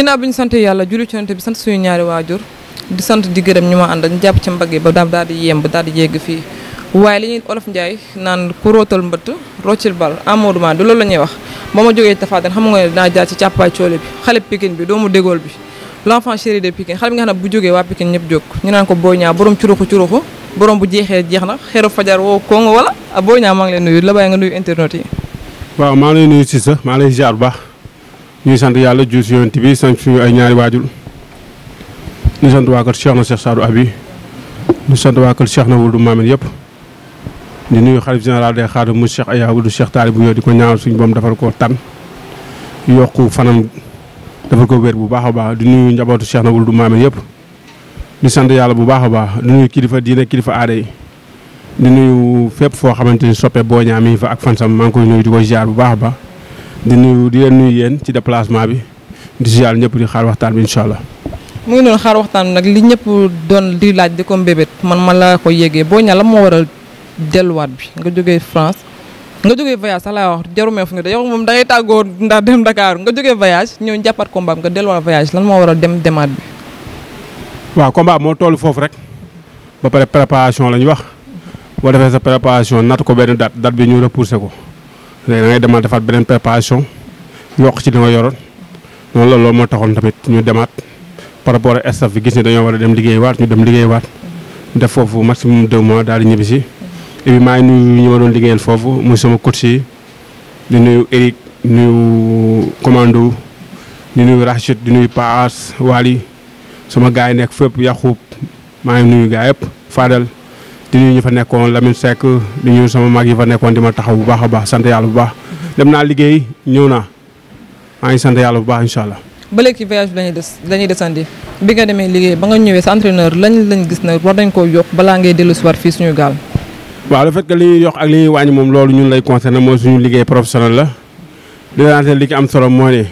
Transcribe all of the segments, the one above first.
ginnaaw bi ñu sant yàlla julli ci yonent bi sant suñu ñaari waajur di sant di gërëm ñu ma ànd ñu jàpp ci mbagg yi ba daal di yemb daal di yegg fii waaye li ñuy olof Ndiaye naan ku rootal mbëtt roccil bal amoodument du loolu la ñuy wax ba ma jógee tafaaten xam nga ne dinaa jaar ci càppaay coole bi xale Pikine bi nga xam ne bu jógee waa Pikine ñëpp jóg ñu naan ko Boy Niang borom curuxu curuxu borom bu jeexee jeex na xeeru fajar woo kongo wala ah, Boy Niang maa ngi lay nuyu la bàyyi ñuy sant yàlla jur si yonent bi sant suñu ay ñaari waajur ñu sant waa kër Cheikh na Cheikh Sadou Abi ñu sant waa kër Cheikh na wul du maamin yëpp di nuyu xalif général day xaadu mu Cheikh Aya wul du Cheikh bu yooyu di ko ñaanal suñu boom defal ko tan yokku fanam defal ko wér bu baax a baax di nuyu njabootu Cheikh na wul du maamin yëpp di sant yàlla bu baax a baax di nuyu kilifa diine kilifa aada yi di nuyu fépp foo xamante ni soppe boo ñaam yi fa ak fansam maa ngi koy nuyu di ko ziar bu baax a baax di nuyu di leen nuyu yéen ci déplacement bi di si yàlla ñëpp di xaar waxtaan bi incha allah. mu ngi noonu xaar waxtaan bi nag li ñëpp doon di laaj di ko mbébét man ma la ko yéegee boo ña la moo waral delluwaat bi nga jógee France nga jógee voyage sax laa wax jarumee fu nga de moom da ngay tàggoo ndax dem nga jógee voyage ñëw jàppat combat nga delluwaat voyage lan moo waral dem demaat bi. waaw combat moo tollu foofu rek ba pare préparation la ñu wax boo defee sa préparation natt ko benn date date bi ñu repoussé ko. da ngay demaat defaat beneen préparation yokk ci li nga yoroon noonu la loolu moo taxoon tamit ñu demaat par rapport a staff bi gis ne dañoo war a dem liggéey waat ñu dem liggéey waat def foofu maximum deux mois daal di ñibbi si et puis maa ngi nuyu ñi ma doon liggéeyal foofu muy sama coach yi di nuyu Eric di nuyu commando di nuyu Rachid di nuyu Paas Wali sama gars yi nekk fépp Yacoub maa ngi nuyu gars yëpp Fadal. di ñu fa nekkoon Lamine Seck di nuyu sama mag yi fa nekkoon di ma taxaw bu baax a baax sant yàlla bu baax dem naa liggéey ñëw naa maa ngi sant yàlla bu baax incha allah. ba léegi voyage bi lañuy des lañuy desandi bi nga demee liggéey ba nga ñëwee sa entraîneur lañ lañ gis ne war nañ koo yokk balaa ngay dellu si war fii suñu gaal. waaw le fait li ñuy yokk ak li ñuy wàññi moom loolu ñun lay concerné mooy suñu liggéey professionnel la di li ci am solo mooy ne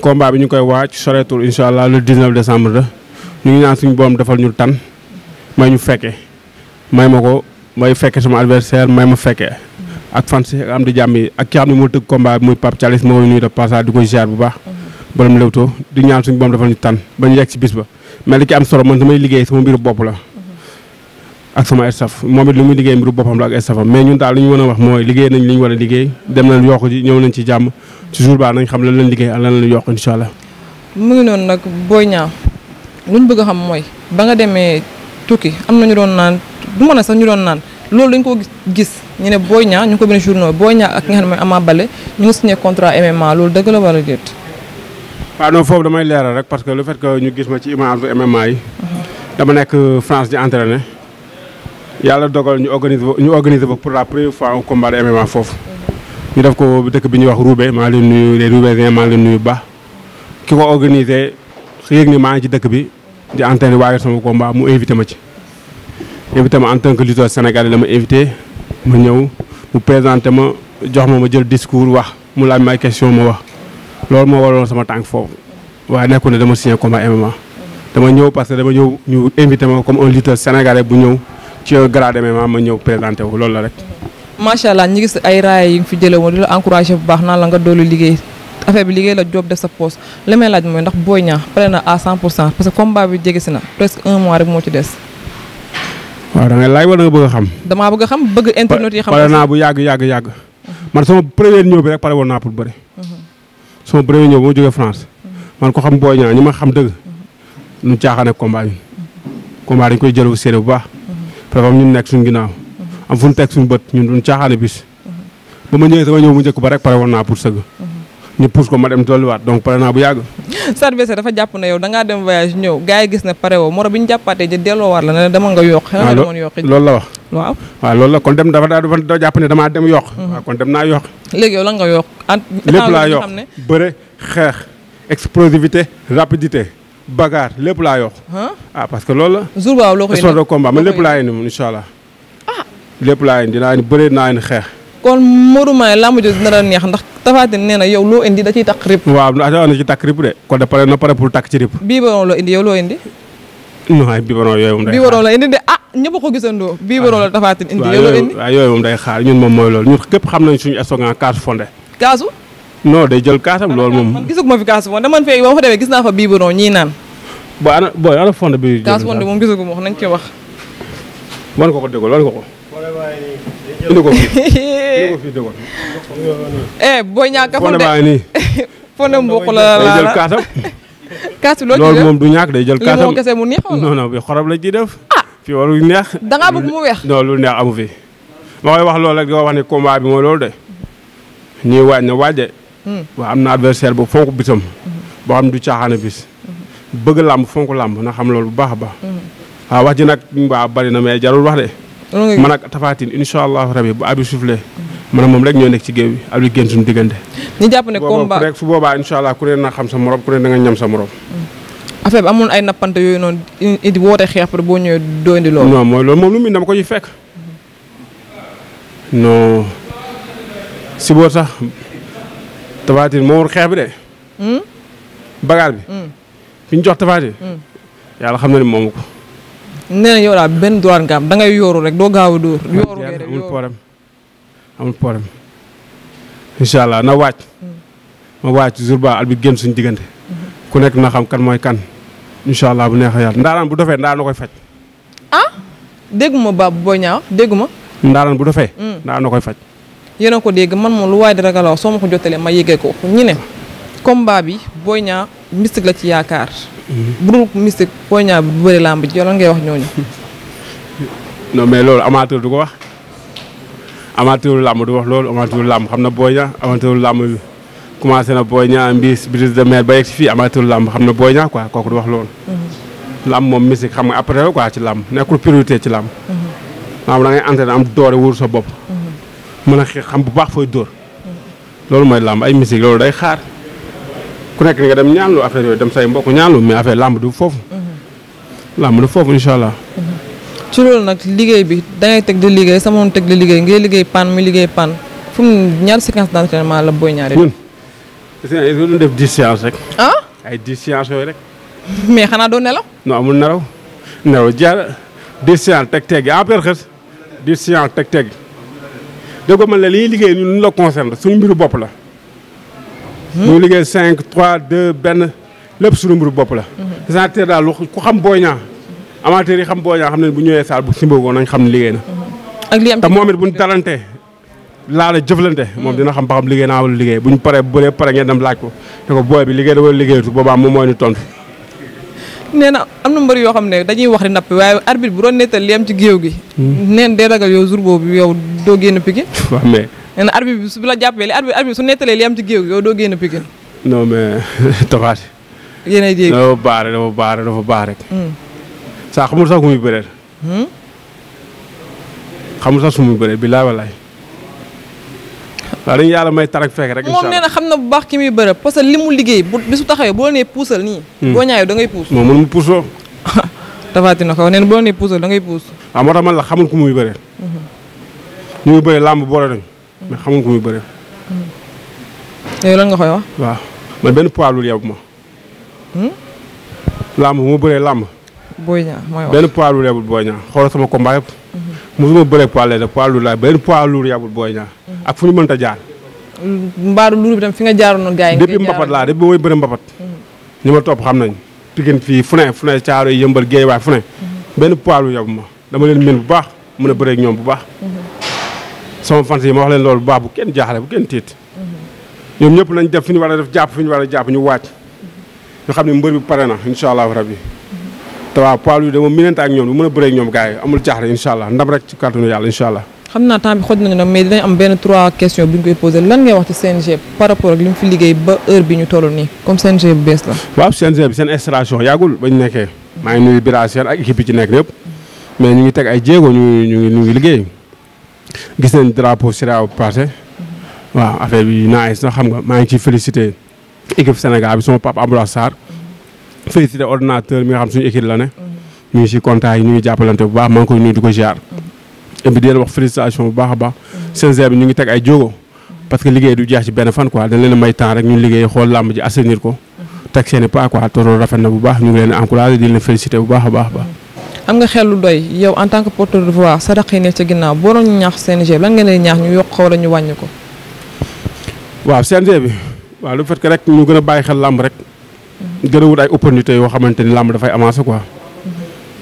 combat bi ñu koy waaj soreetul incha allah le 19 décembre la ñu ngi naan suñu borom defal ñu tan may ñu fekkee may ma ko may fekke sama adversaire may ma fekkee ak fan si am di jàmm yi ak ki xam ne moo tëgg combat bi muy Pape Thialis moo nuyu de passage di ko ziar bu baax mhm. ba ñu yegg li liggéey mbiru bopp la mhm. ak sama staff moom it li muy liggéey ñu mën wax mooy liggéey nañ li war a liggéey dem nañ yokk ji ñëw nañ ci jàmm ci mhm. jour ba nañ xam lan lañ liggéey ak lan lañ yokk incha mu ngi noonu nag Boy Niang luñ bëgg a xam mooy ba nga demee tukki am na ñu doon naan du mën a sax ñu doon naan loolu dañ koo gis ñu ne Boy ñaa ñu ngi ko benn journaux Boy Niang ak ki nga xam ne mooy Ama Baldé ñu ngi signé contrat MMA loolu dëgg la wala déet. waaw foofu damay leeral rek parce que le fait que ñu gis ma ci image MMA dama nekk France di entraîné. yàlla dogal ñu organiser ñu organiser ba pour la première fois un MMA foofu. ñu def ko dëkk bi ñuy wax Roubaix maa leen nuyu les Roubaix maa leen nuyu baax ki ko organisé yëg ni maa ngi ci dëkk bi. di entraîné waajal sama combat mu invité ma ci invité ma en tant que lutteur dama la ma invité ma ñëw mu présenté ma jox ma ma jël discours wax mu laaj ma ay question ma wax loolu moo waraloon sama tànk foofu waaye nekkul ne dama signé combat MMA dama ñëw parce que dama ñëw ñu invité ma comme un lutteur sénégalais bu ñëw ci grade MMA ma ñëw présenté wu loolu la rek. macha allah ñu gis ay raaya yi fi jëlee woon di la encouragé bu baax naa la nga doolu liggéey. affaire bi liggéey la job def sa poos li may laaj mooy ndax Boy Niang pare na à 100 pour cent parce que combat bi jege si na presque un mois rek moo ci des. waaw da laaj wala nga bëgg a xam. damaa bëgg a xam bëgg internet yi. xam naa bu yàgg yàgg yàgg. man sama première ñëw bi rek pare woon naa pour bëri. Mhm. sama premier ñëw ma jógee France. man ko xam Boy Niang ñi ma xam dëgg. ñu caaxaan ak combat bi. Mhm. combat dañ koy jëlu séeréer bu baax. préfam mhm. ñun nekk suñu ginnaaw. am fu ñu teg suñu bët ñun duñ caaxaane bis. ba ma ñëwee sama ñëw mu njëkk ba rek pare woon naa pour ñu pousse ko ma dem tolluwaat donc pare naa bu yàgg. sa adversaire dafa jàpp na yow da dem voyage ñëw gars yi gis na pare woo moro bi ñu jàppaatee jë delloowaat la ne dama nga yokk. xanaa ah, demoon yokk la wax. waaw waaw ah, loolu la kon dem dafa daa dem yokk. waaw mhm. ah, kon dem naa yokk. lépp laa yokk bëre xeex explosivité rapidité. bagaar lépp laa yokk. ah parce que loolu la. jour boobu loo koy indi xeex. kon Modou Mané làmb jooju dina neex ndax Tafaatine nee na yow loo indi da ciy takk rib. waaw da ciy takk rib de. kon de pare na pour takk ci rib. biberon loo indi yow loo indi. non ay biberon yooyu moom day biberon la indi de ah ñëpp ko gisandoo. biberon la ah. yooyu moom day xaar moom mooy lool ñun képp xam nañ suñu stockant kaasu fonde. kaasu. non day jël kaasam loolu moom. man gisuguma fi gis naa fa biberon ñii naan. booy ana booy ana fonde bi. moom gisuguma wax nañ ci wax. wan ko ko déggoo wan ko ko. indi ko fii boo ñàkk a. fonde mboq la la jël kaatam. loolu moom du ñàkk day jël kaatam li mu kese mu neex wala bi xorom la ciy def. Ah! fii warul neex. da bëgg mu weex. non lu neex amu fi. ma koy wax loolu rek di ko wax ne combat bi mooy loolu de. ñuy waaj na waaj de. Hmm. waaw am na adversaire bu fonk bisam. Hmm. boo xam du caaxaane bis. Hmm. bëgg làmb fonk làmb na xam loolu bu baax a baax. waaw wax ji nag waaw bari na mais jarul wax de. man ak Tafatine incha allahu rabi bu abi le man moom rek ñoo nekk ci géew bi ab génn suñu diggante. ñu jàpp ne combat rek su boobaa incha allah ku ne na xam sa morom ku ne da nga ñam sa morom. Mm. affaire bi amul ay nappante yooyu noonu indi woote xeex pour boo ñëwee doyandi loolu. non mooy loolu moom lu mu dama ko ñu fekk. non si sax Tafatine moo war xeex bi de. Hmm? bagaar bi. fi hmm. ñu jox Tafatine. Hmm. yàlla xam na ne moom ko. nee na yow daal benn droit nga am da ngay yooru rek doo gaaw a dóor. yooru ngay def amul problème amul problème. incha allah na waaj. Mm-hmm. ma waaj jour ba al bi génn suñu diggante. Mm-hmm. ku nekk na xam kan mooy kan. incha allah bu neexee yàlla ndaaraan bu dofee ndaa na koy faj. ah déggu ma bu Boy Niang déggu ma. ndaaraan bu dofee. Mm. ndaa na koy faj. yéen a ko dégg man moom lu waay di ragal wax soo ma ko jottalee ma yëgee ko ñu ne. combat bi Boy Niang mystique la ci yaakaar. bu dul mystique Boy Niang bu bëri làmb ji yow ngay wax ñooñu. non mais loolu amateur du ko wax amateur làmb du wax loolu amateur làmb na Boy Niang amateur làmb bi commencé na Boy Niang mbis brise de ba fii amateur làmb xam na Boy Niang quoi kooku du wax loolu. Mhm. làmb moom mystique xam nga après quoi ci làmb nekkul priorité ci làmb. maanaam mhm. da ngay entraîné am doore wóor sa bopp. Mhm. mën a xam bu baax fooy dóor. loolu mooy làmb ay mystique loolu day xaar. ku nekk nga dem ñaanlu affaire yooyu dem say mbokk ñaanlu mais affaire làmb du foofu. Mm-hmm. làmb du foofu incha mm-hmm. ci loolu nag liggéey bi da teg di liggéey sama moom teg di liggéey ngay liggéey pan mu liggéey pan fu mu ñaar séquence d'entraînement la booy ñaari. ñun gis nga doon def dix rek. ah ay dix yooyu rek. mais xanaa doo nelaw. non amul nelaw nelaw jaar dix séances teg teg après xës dix séances teg teg déggoo man la li ñuy liggéey ñun la concerne suñu mbiru bopp la. mu ngi liggéey cinq trois deux benn lépp suñu mburu bopp la mhm. sentir daal lu ku xam Boy Niang amateur yi xam booy ñaa xam ne bu ñëwee saal bu simbagoo nañ xam ne liggéey na mhm. te moom it buñ dalante laa la jëflante mhm. moom dina xam ba xam liggéey naa wala liggéey buñ paree bëree pare ngeen dem laaj ko te ko booy bi liggéey da wala liggéeyatu boobaa moom mooy ni tontu nee na am na mbër yoo xam ne dañuy wax di nappi waaye arbitre bu doon nettal li am ci géew gi hmm. neen dee ragal yow jour boobu yow doo génn piki nee na bi su la jàppee li arbitre bi su nettalee li am ci géew yow doo génn Pikine. non mais Tapha Tine. yéenay baax rek hmm. sax ku muy bëreel. Hmm? xamul sax su muy bëreel bilaay walaay. waaw dañu yàlla may tarak fekk rek. incha allah na bu baax ki muy bërëb parce que li mu liggéey bu bi su taxawee boo nee puusal nii. Hmm. boo ñaayoo da ngay puus. moom mënul puusoo. Tapha Tine ko nee na boo nee puusal da ngay puus. am ah, moo tax man la xamul ku muy bëreel. ñu muy bëreel làmb boole nañu. mais xamul mm. nga koy wax. waaw man benn poids lourd yebbu ma. Hmm? làmb bu ma bëree làmb. booy ñaa mooy wax benn poids lourd yebbu booy ñaa xoolal sama combat yëpp. Mm-hmm. mosuma mm-hmm. ak fu ñu mënta jaar. Mm, mbaaru lourd bi tam fi nga jaaroon noonu gars yi. mbapat laa depuis booy bëri mbapat. Mm-hmm. ñu ma topp xam nañ Pikine fii fu ne fu ne caaro yi yëmbal géej fu ne. benn poids lourd yebbu ma dama leen mën bu baax mun a bëree ñoom bu baax. sama fans yi ma wax leen loolu bu baax bu kenn jaaxle bu kenn tiit ñoom ñëpp nañ def fi ñu war a def jàpp fi ñu war a jàpp ñu waaj ñu xam ne mbër bi pare na incha allahu rabbi te waaw poids lu dama minante ak ñoom bu mën a bëreeg ñoom gars yi amul jaaxle incha allah ndam rek ci kàttanu yàlla incha allah xam naa temps bi xoj nañu nag mais dinañ am benn trois questions bu ñu koy posé lan ngay wax ci CNG par rapport ak li mu fi liggéey ba heure nekkee maa ngi nuyu bira seen ak équipe yi ci nekk yëpp mais ñu ngi teg ay jéego ñu ñu ngi liggéey gisee nañ drapeau CEDEAO passé waaw affaire bi nice na xam nga maa ngi ciy félicité équipe Sénégal bi sama papa Ambroise Sarr félicité ordinateur mi nga xam suñu équipe la ne mm-hmm. ñu ngi si contact yi ñu ngi jàppalante bu baax maa ngi koy nuyu di ko ziar mm-hmm. et puis di leen wax félicitation bu baax baax CNG mm-hmm. bi ñu ngi teg ay jógo parce que liggéey du jeex ci benn fan quoi dañ leen may temps rek ñu liggéey xool làmb ji assainir ko teg seen i pas quoi te loolu rafet na ñu ngi leen encouragé di a baax baax am nga xel lu doy yow en tant que porteur de voix sa raq yi ne ca ginnaaw boo doon ñaax CNG lan nga leen ñaax ñu yokk ko wala ñu wàññi ko. waaw CNG bi waa lu fekk rek ñu gën a bàyyi xel làmb rek. gën a wut ay opportunité yoo xamante ni làmb dafay avancer quoi.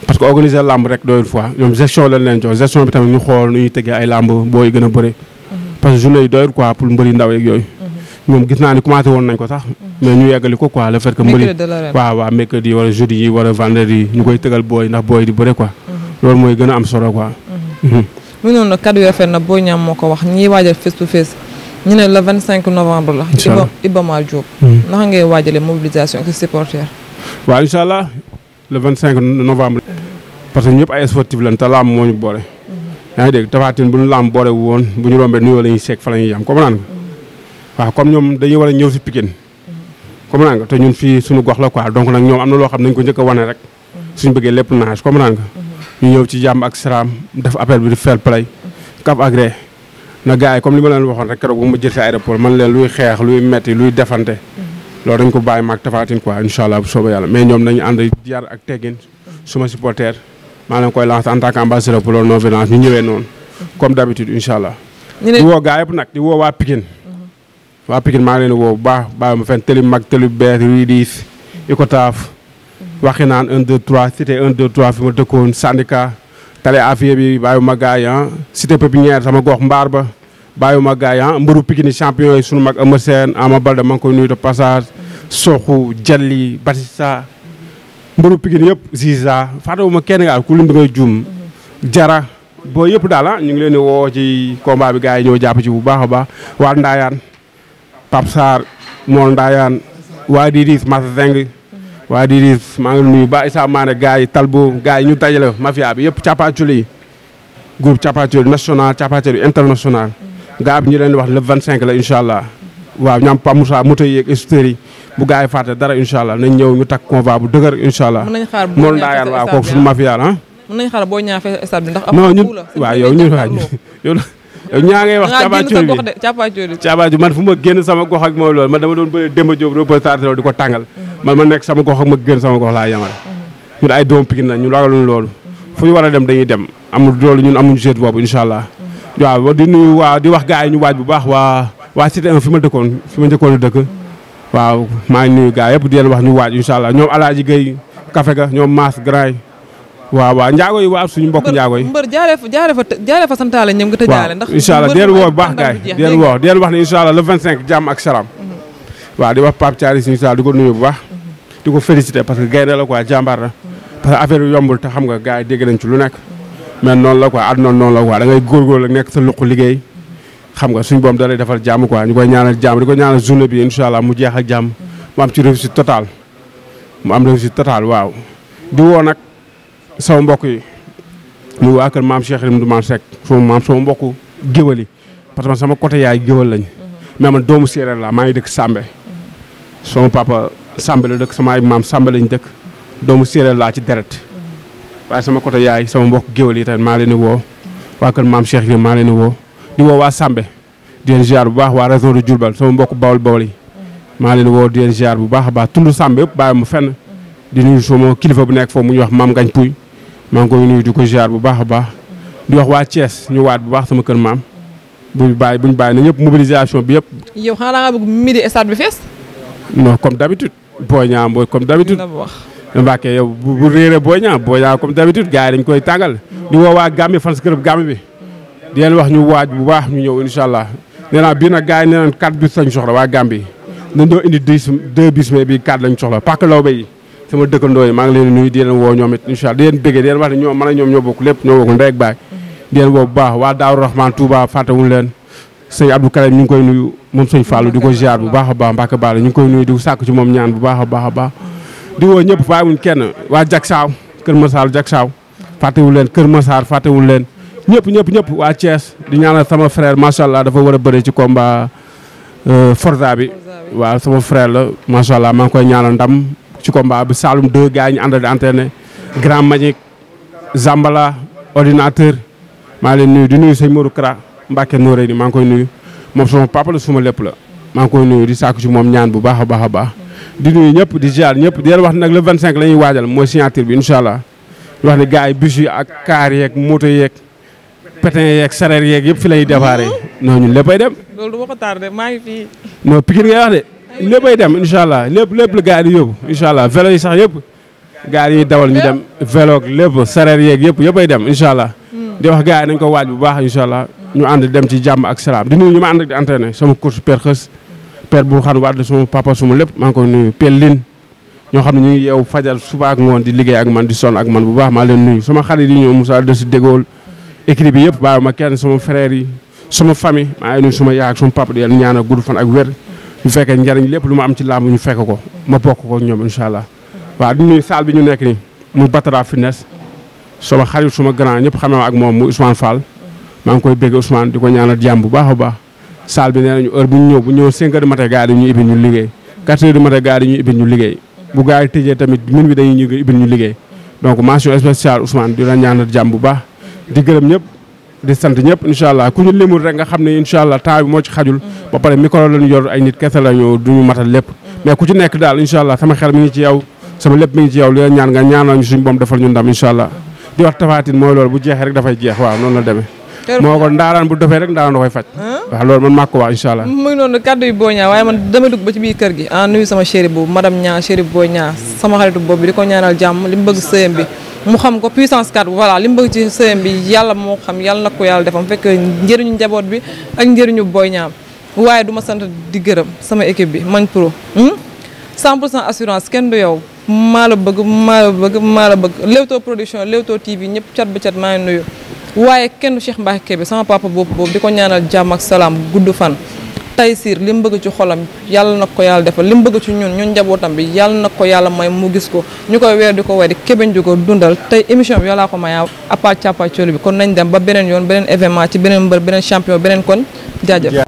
parce que organiser làmb rek doyul fois ñoom gestion lañ leen jox gestion bi tamit ñu xool nu ñuy tegee ay làmb booy gën a bëri. parce que journée yi doyul quoi pour mbëri ndaw yooyu. moom gis naa ni commencé woon nañ ko sax. Mm-hmm. mais ñu yeggali ko quoi le fait que. mbëri waaw waaw mercredi wala jeudi yi wala vendredi ñu koy tëgal booy ndax booy di bëre quoi. Mm-hmm. loolu mooy gën a am solo ko mm-hmm. mu noonu kaddu yoo xam ne boo ñaam moo ko wax ñiy waajal face to face ñu ne le 25 novembre la. incha allah Iba Mar Diop. naka ngay waajalee mobilisation ak supporters. waaw incha allah le 25 novembre. parce que ñëpp ay sportif lañ te làmb moo ñu boole. yaa ngi dégg Tapha bu ñu làmb boole woon bu ñu rombee nuyoo la ñuy seeg fa la ñuy yam comprendre nga waaw comme ñoom dañuy war a ñëw si Pikine comprends nga te ñun fii suñu gox la quoi donc nag ñoom am na loo xam nañ ko njëkk a wane rek suñu bëggee lépp naage comprends nga ñu ñëw ci jàmm ak salaam def appel bi di fair play cap agré na gars yi comme li ma leen waxoon rek keroog bu ma jël si aéroport man leen luy xeex luy metti luy defante loolu dañ ko bàyyi maag tafaatin quoi incha allah bu yàlla mais ñoom nañu ànd yar ak teggin suma supporter maa leen koy lancé en tant que ambassadeur pour le non ñëwee noonu comme d'habitude incha allah di woo gaa yëpp nag di woo waa Pikine waa Pikine maa ngi leen di woo bu baax bàyyi ma fenn tëli mag tëli bees rue 10 Icotaf waxi naan 1 2 3 cité 1 2 3 fi ma dëkkoon syndicat tale affaire bi bàyyi ma gars yi ah cité pépinière sama gox mbaar ba bàyyi ma gars yi ah mbëru Pikine champion yi sunu mag Eumeu Sène Ama Baldé maa ngi koy nuyu de passage Sokhu Jalli Batista mbëru Pikine yëpp Ziza fàttewuma kenn nga ku lim bi ngay jara boo yëpp daal ah ñu ngi leen di woo ci combat bi gars yi ñoo jàpp ci bu baax a baax waa Pape Sarr Mor Ndaayaan waa Didis Massa Zeng waa Didis maa ngi nuyu ba Issa Mané gars yi Talbo gars yi ñu dajale mafia bi yëpp capacule yi groupe capacule national capacule international gaa bi ñu leen wax le 25 la incha waa waaw ñaam Pa Moussa moto yeeg extérieur yi bu gars yi fàtte dara incha nañ ñëw ñu takk convoi bu dëgër incha allah Mor Ndaayaan waaw kooku suñu mafia la ah mën nañu boo ñaafee stade bi am na yow ñu waaw ñu ñaa ngay wax caabaacoor bi caabaacoor man fu ma génn sama gox ak mooy loolu man dama doon bëri Demba Diop reportage di ko tàngal mhm. man ma nekk sama gox ak ma génn sama gox laa yamale mhm. ñun ay doom Pikine la ñu ragaluñ loolu fu ñu war a dem dañuy dem amul loolu ñun amuñu jeet boobu incha allah mhm. waaw di nuyu waa di wax gars yi ñu waaj bu baax waa waa cité 1 ma dëkkoon fi ma njëkkoon dëkk waaw maa ngi nuyu gars yëpp di wax ñu waaj incha allah ñoom alaaji gay kafe ga ñoom maas graay waaw waa njaago yi waaw suñu mbokk njaago yi mbër jaaree fa jaaree fa santaale ñoom nga tëjaale ndax incha allah woo baax gaay deel woo deel wax ne incha allah le ak salaam mhm. waaw di wax Pape Thiali di ko nuyu bu baax mhm. di ko félicité parce que gaynde la quoi jàmbaar la mhm. parce que affaire yombul te xam nga gars yi dégg nañ ci lu nekk mais noonu la quoi àdduna noonu la quoi da ngay góorgóorlu ak nekk sa luq liggéey xam nga suñu boom da lay defal jàmm quoi ñu koy ñaanal jàmm di ko ñaanal journée bi incha allah mu jeex am ci réussite totale mu waaw di woo sama mbokk yi mu waa kër maam Cheikh Rim du maam Seck sama maam sama mbokk géwal yi parce que sama côté yaay géwal lañ mais man doomu séeréer laa maa ngi dëkk Sambé sama papa Sambé la dëkk sama maam Sambé lañ dëkk doomu séeréer laa ci deret waaye sama côté yaay sama mbokk géwal yi tamit maa leen di woo waa kër maam Cheikh maa leen woo di woo waa Sambé di leen ziar bu baax waa réseau de Diourbel sama mbokk bawol bawol yi maa leen woo di leen ziar bu baax baax tund Sambé yëpp bàyyi mu fen di nuyu sama kilifa bu nekk foofu mu ñuy wax maam Ngañ Pouy maa ngi koy nuyu di ko ziar bu baax a baax di wax waa Thiès ñu waat bu baax sama kër maam buñ bàyyi buñ bàyyi na ñëpp mobilisation bi yëpp. yow xanaa da ngaa bëgg midi stade bi fees. non comme d'habitude Boy Niang mooy comme d'habitude. Mbacké yow bu bu réeree Boy Niang Boy Niang comme d'habitude gars dañ koy tàngal. di woo waa Gambie fans club Gambie bi. di leen wax ñu waaj bu baax ñu ñëw incha allah nee bi bii nag gars yi nee naan 4 soxla waa Gambie. dañ doo indi 10 2 bus mais bii 4 yi sama dëkkandoo yi maa ngi leen nuyu di leen woo ñoom it incha allah di leen bëggee di leen wax ne ñoom man ak ñoom ñoo bokk lépp ñoo bokk ndey ak baay di leen woo bu baax waa Daaru Rahman Touba fàttewuñu leen sëñ Abdou Karim ñu ngi koy nuyu moom sëñ Fallou di ko ziar bu baax a baax Mbacke Balla ñu ngi koy nuyu di sàkk ci moom ñaan bu baax a baax a baax di woo ñëpp bàyyiwuñ kenn waa jak saaw kër Massar jak saaw fàttewuñu leen kër Massar fàttewuñu leen ñëpp ñëpp ñëpp waa Thiès di ñaanal sama frère macha allah dafa war a bëre ci combat euh, Forza bi waaw sama frère la macha maa ngi koy ñaanal ndam ci combat bi Saloum 2 gars yi ñu àndal di Grand Magic Zambala ordinateur maa leen nuyu di nuyu sëñ Modou Kara Mbacke Nooré ni maa ngi koy nuyu moom suma papa la suma lépp la maa ngi koy nuyu di sàkku ci moom ñaan bu baax a baax a baax di nuyu ñëpp di ziar ñëpp di leen wax nag le 25 la ñuy waajal mooy signature bi incha allah di wax ne gaa yi bus yi ak kaar yeek moto yeeg pétin yeeg sareer yeeg yëpp fi lay déparé noonu ñun léppay dem incha allah lépp lépp la gaari yóbbu incha allah vélo yi sax yëpp gaari yi dawal ñu dem velo lépp sareer yeeg yëpp yëppay dem incha allah hmm. di wax gaari nañ ko waaj bu baax incha ñu ànd dem ci jàmm ak salaam di nuyu ñu ma ànd ak di entraîné sama course père xës père bu xam waat suma papa suma lépp maa ngi nuyu pel lin ñoo xam ne ñuy ngi yeew fajal su ak ngoon di liggéey ak man di son ak man bu baax maa leen nuyu sama xarit yi ñoo m de si dégool équipe bi yëpp bàyyi ma kenn sama frère yi sama famille maa ngi suma yaay ak suma papa di fan ak wér bu fekkee njariñ lépp lu ma am ci làmb ñu fekk ko ma bokk ko ñoom incha allah waaw di nuyu salle bi ñu nekk ni mu Batara fitness sama xarit suma grand ñëpp xamee ak moom mu Ousmane Fall maa ngi koy bégg Ousmane di ko ñaanal jàmm bu baax a baax saal bi nee nañu heure bu ñu ñëw bu ñëw 5 heures du matin gars yi dañuy ibbi ñu liggéey 4 heures du matin gars yi ñu liggéey bu gars yi tëjee tamit min bi dañuy ñu ibbi ñu liggéey donc mention spéciale Ousmane di la ñaanal bu baax di gërëm ñëpp di sant ñëpp incha allah ku ñu limul rek nga xam ne incha allah bi moo ci xajul mm-hmm. ba pare micro lañu yor ay nit kese lañu duñu matal lépp mm-hmm. mais ku ci nekk daal incha sama xel mi ngi ci yow mm-hmm. sama lépp ñaan nga ñaanal ñu suñu boom defal ñu ndam incha di wax tafaatin mooy loolu bu jeexee rek dafay jeex waaw noonu la demee moo ko ndaaraan bu dofee rek ndaaraan da koy faj waaw man maa ko wax incha muy noonu kàddu boobu ah, madame ñaa mu xam ko puissance 4 voilà li mu bëgg ci sëyam bi yàlla moo xam yàlla na ko yàlla defam fekk njëriñu njaboot bi ak njëriñu booy Niang waaye duma sant di gërëm sama équipe bi Magne Pro 100 hmm? pour cent assurance kenn du yow maa la bëgg maa la bëgg maa la bëgg Leewtoo production Leewtoo TV ñëpp cat ba cat maa ngi nuyu waaye kenn du Cheikh Mbacké Kébé sama papa boobu boobu di ko ñaanal jàmm ak salaam gudd fan siir li mu bëgg ci xolam yàlla na ko yàlla defal li mu bëgg ci ñun ñun njabootam bi yàlla na ko yàlla may mu gis ko ñu koy weer di ko weer di kébeñ di ko dundal tey émission bi yàllaa ko mayaa appa càppa bi kon nañ dem ba beneen yoon beneen événement ci beneen mbër beneen champion beneen kon jaajëf